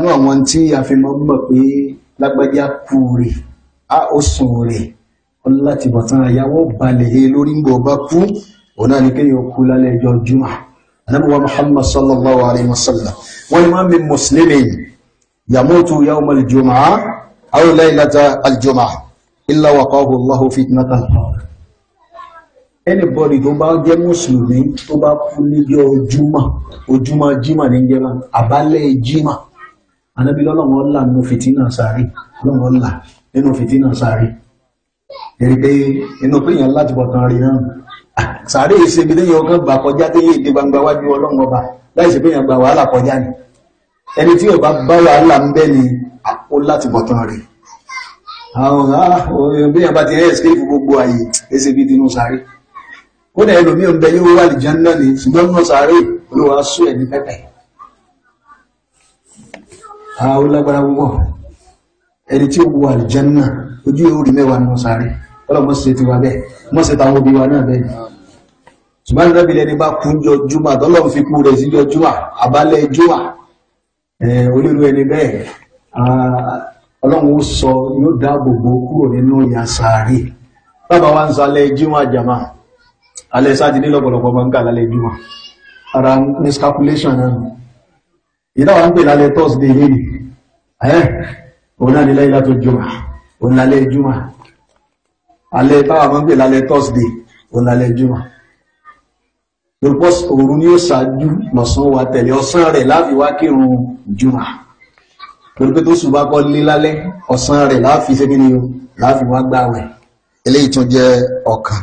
ní àwọn tí a fi mọ́ mọ̀ pé lágbájá kú rè á ó sùn rè láti bọ̀tán àyàwó balẹ̀ he lórí ń bọ̀ bá kú òun náà ni kéèyàn kú lálẹ́ ẹjọ́ jùmọ̀ anábùwà muhammad sallallahu alayhi wa sallam wọ́n ni wọ́n mi muslimin yamutu yawma aljum'a aw laylata aljum'a illa waqahu allahu fitnatan anybody tó bá jẹ́ mùsùlùmí tó bá kú níbi ojúmọ̀ ojúmọ̀ jímọ̀ ní jẹ́ àbálẹ̀ jímọ̀ anábí lọ́lọ́wọ́ ńlá nínú fìtínà sáré lọ́wọ́ ńlá nínú fìtínà sáré èrè pé inú péyàn láti bọ̀tán rí náà sáré ìṣègbè lẹ́yìn ọkàn gbà kọjá déyé èdè gbangba wájú ọlọ́run ọba láìsí péyàn gba wàhálà kọjá ni ẹni tí ọba bá wàhálà ń bẹ́ ni ó láti bọ̀tán rí àwọn òyìnbíyàn bá ti rẹ́ escape gbogbo ààyè ẹsẹ̀ bí tinú sáré ó dẹ̀ ẹlòmíì ń bẹ yóò wà lìjẹ́ náà ni ṣùgbọ́n náà sáré olówó aṣọ ẹ̀ ní pẹ́pẹ́ àwọn lágbára púpọ̀ ẹni tí ó wọ àlìjánná ojú yóò rí mẹ́wàá nù sáré ọlọ́mọ sì ti wà bẹ́ẹ̀ mọ́ sí táwọn obì wa náà bẹ́ẹ̀ ṣùgbọ́n ní lábìlẹ̀ ní bá kú jọ júmà tọ́lọ́ fi kú rẹ̀ síjọ júmà àbálẹ̀ júmà olórí ẹni bẹ́ẹ̀ ọlọ́run ó sọ yóò dáàbò sáré bàbá wa ń máa ń kà lálẹ́ júmà ara miscalculation náà ìdá wa ń pè lálẹ́ thursday lẹ́nu ẹ́ òun náà ni lẹ́yìn látò jùmọ̀ òun lálẹ́ jùmọ̀ alẹ́ táwa máa ń pè lálẹ́ thursday òun lálẹ́ jùmọ̀ lópọ̀ òru ni ó ṣáájú lọ́sán wa tẹ̀lé ọ̀sán rẹ̀ láfi wá kírun jùmọ̀ torí pé tó sùn bá kọ́ lé lálẹ́ ọ̀sán rẹ̀ láfi ṣe kí ni láfi wá gbààwẹ̀ eléyìí tún jẹ́ ọ̀kan